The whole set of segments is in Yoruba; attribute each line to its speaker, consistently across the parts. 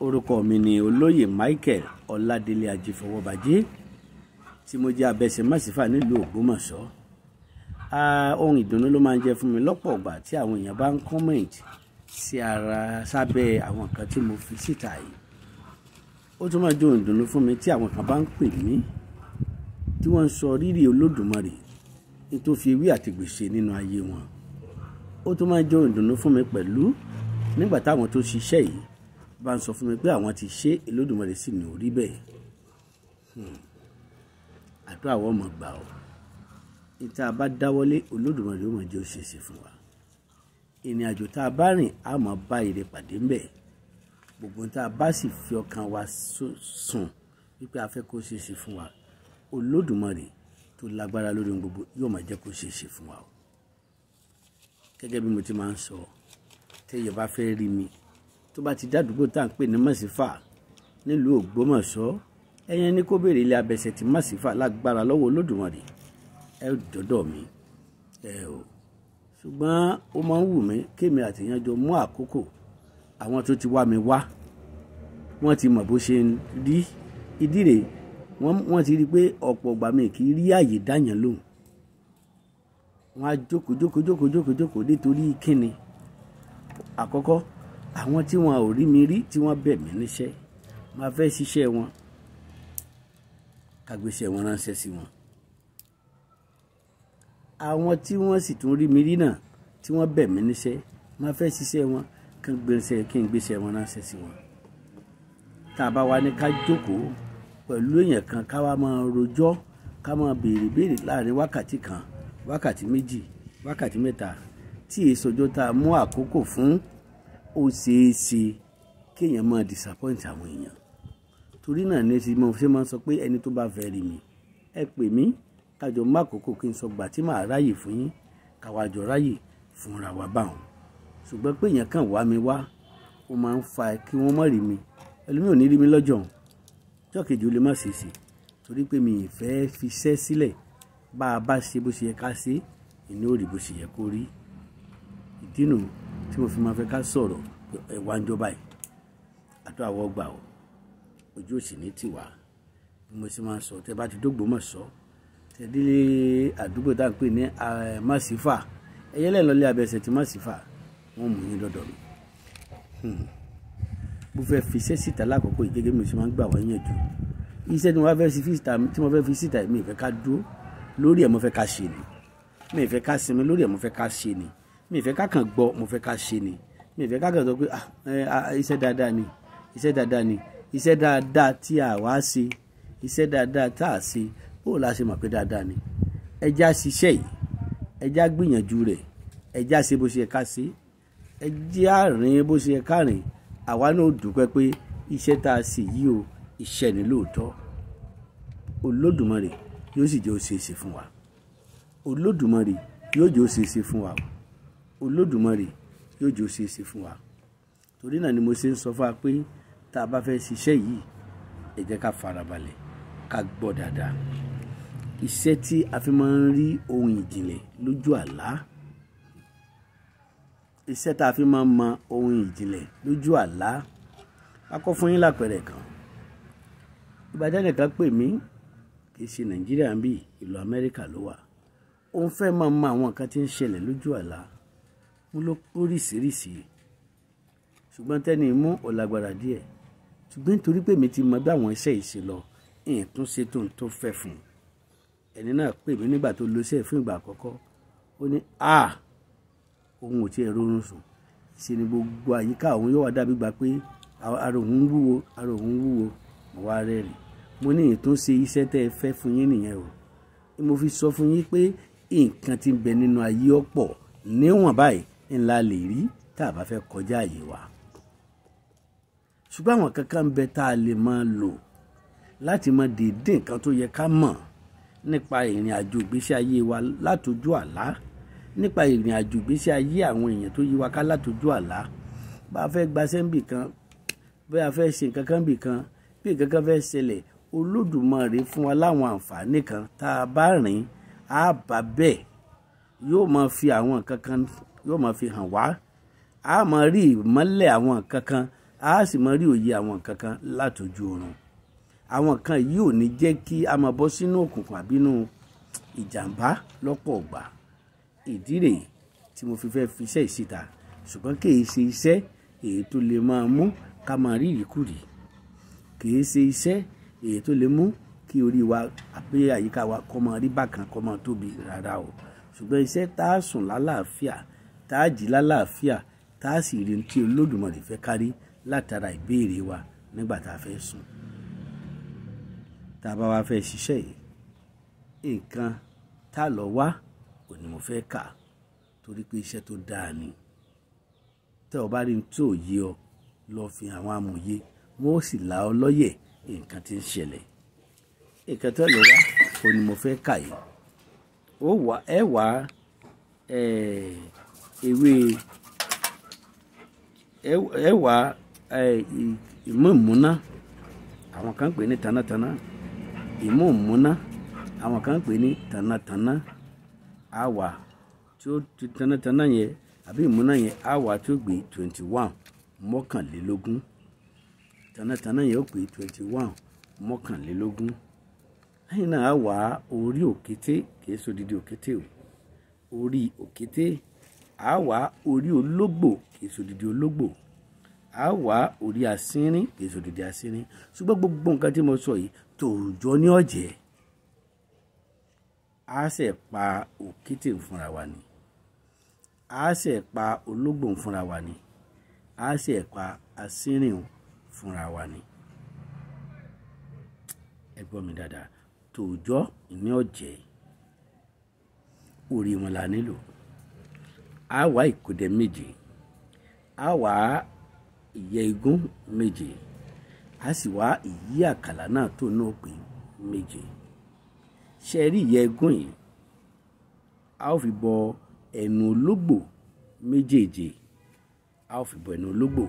Speaker 1: orúkọ mi ni olóyè Michael Ọládélé Ajífọwọ́bajé tí mo jẹ́ abẹsẹ̀másífà nílùú Ògbómọ̀ṣọ́ ohun ìdùnnú ló máa ń jẹ́ fún mi lọ́pọ̀ ọ̀gbà tí àwọn èèyàn bá ń comment sí ara sábẹ́ àwọn nǹkan tí mo fi síta yìí ó tún máa jẹ́ ohun ìdùnnú fún mi tí àwọn kan bá ń pè mí tí wọ́n ń sọ rírì Olódùmarè tó fi ewé àtìgbè nínú ayé wọn ó tún máa jẹ́ ohun ìdùnnú fún mi pẹ̀lú nígbà táwọn tó ṣiṣẹ́ yìí bá ń sọ fún mi pé àwọn ti ṣe Olódùmarè sì ní orí bẹ́ẹ̀ hmm. àdúrà àwọn ọmọ gbà ọ́ ìta bá dáwọ́lé Olódùmarè ó mọ̀ jẹ́ òṣèṣe fún wa ìrìn àjò tá a bá rìn á mọ̀ bá ire pàdé ńbẹ̀ gbogbo tá a bá sì fi ọkàn wa sùn wípé a fẹ́ kó ṣeéṣe fún wa Olódùmarè tó lágbára lórí ohun gbogbo yóò máa jẹ́ kó ṣeéṣe fún wa o gẹ́gẹ́ bí mo ti máa ń sọ tẹ́yẹ bá fẹ́ rí mi tó bá ti dádúgbò tá à ń pè ní mọ̀sífà nílùú ògbómọ̀ṣọ́ ẹ̀yẹn ní kó béèrè ilé abẹ́sẹ̀ tí mọ̀sífà lágbára lọ́wọ́ olódùmarè ẹ dọ́dọ̀ mi ẹ o ṣùgbọ́n ó máa ń wù mí kémi àtìyàn jọ mú àkókò àwọn tó ti wá mi wá wọ́n ti mọ̀ bó ṣe ń rí ìdí rèé wọ́n ti rí i pé ọ̀pọ̀ ọgbà mi kì í rí àyè dáyàn lóhùn wọ́n á jókòó jókòó jókòó jókòó nítorí kíni àkọ́kọ́ àwọn tí wọn ò rí mi rí tí wọ́n bẹ̀ mí níṣẹ́ máa fẹ́ ṣiṣẹ́ wọn kàgbéṣẹ́ wọn ránṣẹ́ sí wọn àwọn tí wọ́n sì tún rí mi rí náà tí wọ́n bẹ̀ mí níṣẹ́ máa fẹ́ ṣiṣẹ́ wọn kí n gbéṣẹ́ kí n gbéṣẹ́ wọn ránṣẹ́ sí wọn tá a bá wá ní ká jókòó pẹ̀lú èèyàn kan ká wá máa rojọ́ ká máa béèrè béèrè láàrin wákàtí kan wákàtí méjì wákàtí mẹ́ta tí èso ọjọ́ tá mú àkókò fún ó ṣeé ṣe kéèyàn máa disappoint àwọn èèyàn torí náà ní ti mo ṣe máa sọ pé ẹni tó bá fẹ́ rí mi ẹ pè mí kájọ má kókó kí n sọ gbà tí màá ráyè fún yín káwájọ ráyè fúnra wa báwọn ṣùgbọ́n pé èèyàn kàn wá mi wá ó máa ń fa kí wọ́n má rí mi ẹlòmíì ò ní rí mi lọ́jọ́ òun jọ́kejì ó lè má ṣe sí torí pé mi ì fẹ́ fiṣẹ́ sílẹ̀ bá a bá ṣe bó ṣe yẹ ká ṣe ìní ò rí bó ṣe yẹ kó rí ìdí nù mo fi máa fẹ́ ká sọ̀rọ̀ ẹ̀wà ń jọba yìí àtọ́ àwọ̀ gbà ó ojú òsì ní tiwa bí mo ṣe máa sọ tẹ bá ti dógbò mọ̀ sọ tẹ délé àdúgbò tá à ń pè ní màsífà ẹyẹlẹ lọlé abẹsẹ ti màsífà wọn mú yín dọdọ mi hmm. mo fẹ́ fi iṣẹ́ síta lákòókò yìí gẹ́gẹ́ bí mo ṣe máa ń gbà wá yànjú iṣẹ́ tí mo fẹ́ tí mo fẹ́ fi síta mi ìfẹ́ ká dúró lórí ẹ̀ mo fẹ́ ká ṣe ni mi ìfẹ́ ká sinmi lórí ẹ̀ mo fẹ́ ká ṣe ni mi fẹ́ ká kàn gbọ́ mo fẹ́ ká ṣe ni mi fẹ́ ká kàn sọ pé ah, iṣẹ́ dáadáa ni iṣẹ́ dáadáa ni iṣẹ́ dáadáa tí a wá ṣe iṣẹ́ dáadáa tá a ṣe bó la ṣe mọ̀ pé dáadáa ni ẹja ṣiṣẹ́ yìí ẹja gbìyànjú rẹ̀ ẹja ṣe bó ṣe ká ṣe ẹja rìn bó ṣe ká rìn àwa náà dúpẹ́ pé iṣẹ́ tá a ṣe yìí o iṣẹ́ ni lóòótọ́ Olódùmarè yóò sì jẹ́ ó fún wa Olódùmarè yóò jẹ́ ó fún wa o olódùmarè yóò jẹ́ ó ṣe é ṣe fún wa torí náà ni mo ṣe ń sọ fún wa pé tá a bá fẹ́ ṣiṣẹ́ yìí ẹ jẹ́ ká farabalẹ̀ ká gbọ́ dáadáa iṣẹ́ tí a fi máa ń rí ohun ìjìnlẹ̀ lójú àlá iṣẹ́ tá a fi máa ń mọ ohun ìjìnlẹ̀ lójú àlá akọ́ fún yín lápẹ̀rẹ̀ kan ìbàdàn nìkan pè mí kì í ṣe nàìjíríà ń bì ìlú amẹ́ríkà ló wà ó ń fẹ́ máa mọ àwọn nǹkan tí ń ṣẹlẹ̀ lójú àlá mo ló póríṣiríṣi ṣùgbọ́n tẹ́ni mú ọ̀làgbàrà díẹ̀ ṣùgbọ́n nítorí pé mi ti mọ bí àwọn iṣẹ́ ìṣe lọ ìtún ṣe tó ń tó fẹ́ fún un ẹni náà pè mí nígbà tó lo iṣẹ́ fún ìgbà àkọ́kọ́ ó ní a òun ò tiẹ̀ rọrùn sùn ṣe ni gbogbo àyíká òun yóò wá dàbí gbà pé ara òun wúwo ara òun wúwo mo wá rẹ́rìn mo ní ìtún ṣe iṣẹ́ tẹ́ ẹ fẹ́ fún yín nìyẹn o mo fi sọ fún yín pé nǹkan tí bẹ nínú ayé ọ̀pọ̀ níwọ̀n báyìí ńlá lè rí tá a bá fẹ́ kọjá àyè wa ṣùgbọ́n àwọn kankan bẹ tá a lè máa lò láti mọ déédéé nǹkan tó yẹ ká mọ̀ nípa ìrìn àjò ìgbésí ayé wa látọjú àlá nípa ìrìn àjò ìgbésí ayé àwọn èèyàn tó yí wa ká látọjú àlá bá a fẹ́ gbaṣẹ́ níbì kan bá a fẹ́ ṣe nǹkan kan kan bí nǹkan fẹ́ ṣẹlẹ̀ Olódùmarè fún wa láwọn àǹfààní kan tá a bá rìn á bá bẹ́ẹ̀ yóò máa fi àwọn nǹkan yóò máa fi hàn wá a máa rí ìmọ́lẹ̀ àwọn nǹkan kan a sì máa rí òye àwọn nǹkan kan látòjú oorun àwọn nǹkan yìí ò ní jẹ́ kí a máa bọ́ sínú òkùnkùn àbínú ìjàmbá lọ́pọ̀ ọ̀gbà ìdí rèé tí mo fi fẹ́ fi iṣẹ́ ìsìta ṣùgbọ́n kìí ṣe iṣẹ́ èyí tó lè máa mú ká máa rí ìríkùrí kìí ṣe iṣẹ́ èyí tó lè mú kí orí wa àbí àyíká wa kó máa rí bákan kó máa tóbi rárá o ṣùgbọ́n iṣẹ́ tá a sùn lálàáfíà tá a jí lálàáfíà tá a sì rí tí olódùmarè fẹ́ kárí látara ìbéèrè wa nígbà tá a fẹ́ sùn tá a bá wa fẹ́ ṣiṣẹ́ yìí nǹkan tá a lọ wá kò ní mo fẹ́ kà torí pé iṣẹ́ tó dáa ni tẹ́ ọ bá rí tí ò yé ọ lọ fi àwọn amòye wọn ó sì là ọ lọ́yẹ̀ nǹkan tí ń ṣẹlẹ̀ nǹkan tẹ́ lọ wá kò ní mo fẹ́ kà yìí ó wà ẹ wà ẹ. Eh, ewé ẹ̀wà àwọn kan pè ní tanátaná àwọn kan pè ní tanátaná tí ó ti tanátaná yẹn àbí yẹn gbé twenty one mọ́kànlélógún tanátaná yẹn ó gbé twenty one mọ́kànlélógún lẹ́yìn náà o orí òkété. a wá orí ológbò kì í sòdìdì ológbò a wá orí asínrín kì í sòdìdì asínrín ṣùgbọ́n gbogbo nǹkan tí mo sọ yìí tòòjọ́ ní ọ̀jẹ̀ a sì pa òkété fúnra wa ni a sì pa ológbò fúnra wa ni a sì pa asínrín fúnra wa ni ẹ gbọ́ mi dáadáa tòòjọ́ ní ọ̀jẹ̀ orí wọn la nílò. Awa wá ìkùdẹ awa a wá ìyẹ́ igún méje a sì wá ìyí àkàlà náà tó náà pé méje ṣe rí ìyẹ́ igún yìí a ó fi bọ ẹnu ológbò méjèèje a ó fi bọ ẹnu ológbò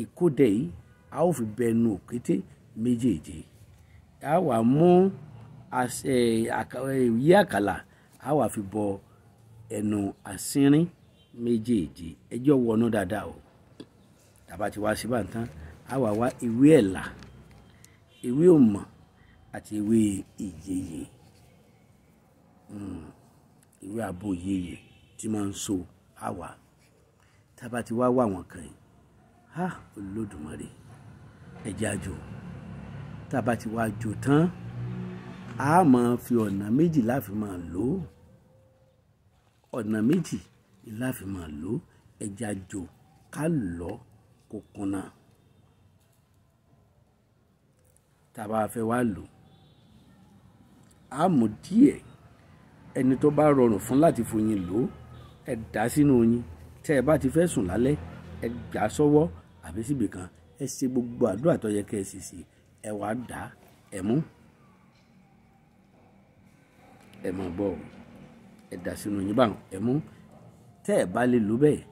Speaker 1: ìkódẹ yìí a ó fi bọ ẹnu òkété méjèèje a wà mú ìyẹ́ àkàlà a wà fi bọ ẹnu àsínrín méjèèjì ẹjọ́ wọnú dáadáa o tàbá ti wá síbà tán á wà wá ìwé ẹ̀là ìwé òmọ̀ àti ìwé ìyeyè hmm, ìwé àbò ìyeyè tí máa ń so á wà tàbá ti wá wà wọ́n kàn yìí á Olódùmarè ẹ̀jẹ̀ àjò tàbá ti wá jò tán a máa fi ọ̀nà méjì láfi máa lò ó ọ̀nà méjì ni láàfin máa lò ẹja jò ká lọ kó kùnà tàbá fẹ́ wá lò á mú díẹ̀ ẹni tó bá rọrùn fún láti foyín lò ẹ dá sínú oyin tẹ́ ẹ bá ti fẹ́ sùn lálẹ́ ẹ gbà sọ́wọ́ àbí síbi kan ẹ ṣe gbogbo àdúrà tó yẹ kẹ́ ẹ sì sí ẹ wàá dá ẹ mú ẹ mọ̀ gbọ́ ẹ dà sínú yín bá ẹ mú tẹ́ ẹ bá lè lò bẹ́ẹ̀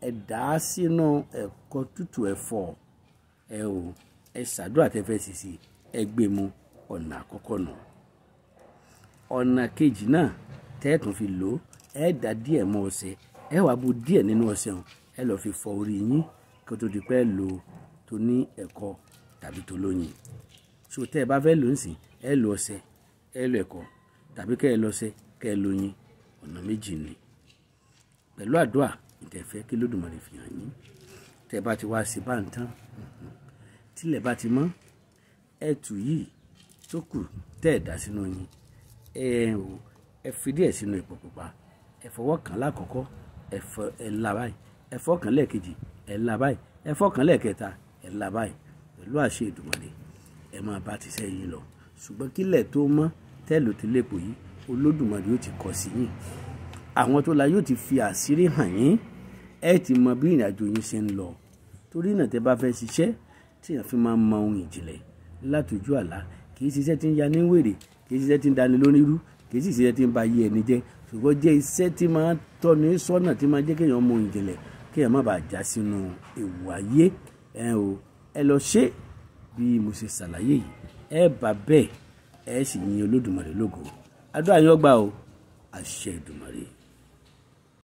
Speaker 1: ẹ dà á sínú ẹ̀kọ tútù ẹ fọ ẹ o ẹ ṣàdúrà tẹ́ fẹ́ sisi ẹ gbé e mu ọ̀nà àkọ́kọ́ nù ọ̀nà kejì náà tẹ́ ẹ tún fi lò ẹ dà díẹ̀ mọ́ ọṣẹ ẹ wàá bu díẹ̀ nínú ọṣẹ hàn ẹ lọ́ọ́ fi fọ orí yín kí tó di pẹ́ lò tó ní ẹ̀kọ tàbí tó lóyin so tẹ́ ẹ bá fẹ́ lò ń sìn ẹ lò ọṣẹ ẹ lò ẹ̀kọ tàbí kẹ́ ẹ lọ kẹ́ ẹ lóyin ọ̀nà méjì ni pẹ̀lú àdúrà ìtẹ̀fẹ́ kí lódùmarè fi hàn yín tẹ́ bá ti wá sí bá ń tán tílẹ̀ bá ti mọ́ ẹ̀tù yìí tó kù tẹ́ ẹ̀ dá sínú yín ẹ ò ẹ fi díẹ̀ sínú epo pupa ẹ fọwọ́ kàn lákọ̀ọ́kọ́ ẹ la báyìí ẹ fọwọ́ kàn lẹ́ẹ̀kejì ẹ la báyìí ẹ fọwọ́ kàn lẹ́ẹ̀kẹta ẹ la báyìí pẹ̀lú àṣẹ Èdùmàrè ẹ máa bá ti sẹ́yìn lọ ṣùgbọ́n kílẹ̀ tó mọ́ tẹ́lù tí lẹ́pọ̀ yìí olódùmarè yóò ti kọ sí yín àwọn tó la yóò ti fi àṣírí hàn yín ẹ ti mọ bí ìrìn àjò yín ṣe ń lọ torí náà tẹ́ bá fẹ́ ṣiṣẹ́ tí èèyàn fi máa ń mọ ohun ìjìnlẹ̀ látòjú àlá kì í ṣiṣẹ́ tí ń ya ní wèrè kì í ṣiṣẹ́ tí ń dani lónírú kì í sì ṣiṣẹ́ ń ba ayé ẹni jẹ́ ṣùgbọ́n jẹ́ iṣẹ́ tí máa ń tọ́ni sọ́nà tí máa ń jẹ́ kéèyàn mọ ohun ìjìnlẹ̀ kéèyàn má bàa já sínú ewu ayé ẹ o ẹ lọ ṣe bí mo ṣe ṣàlàyé yìí ẹ bá bẹ́ẹ̀ ẹ sì yin Olódùmarè lógo àdúrà yín ó gbà o àṣẹ Èdùmàrè.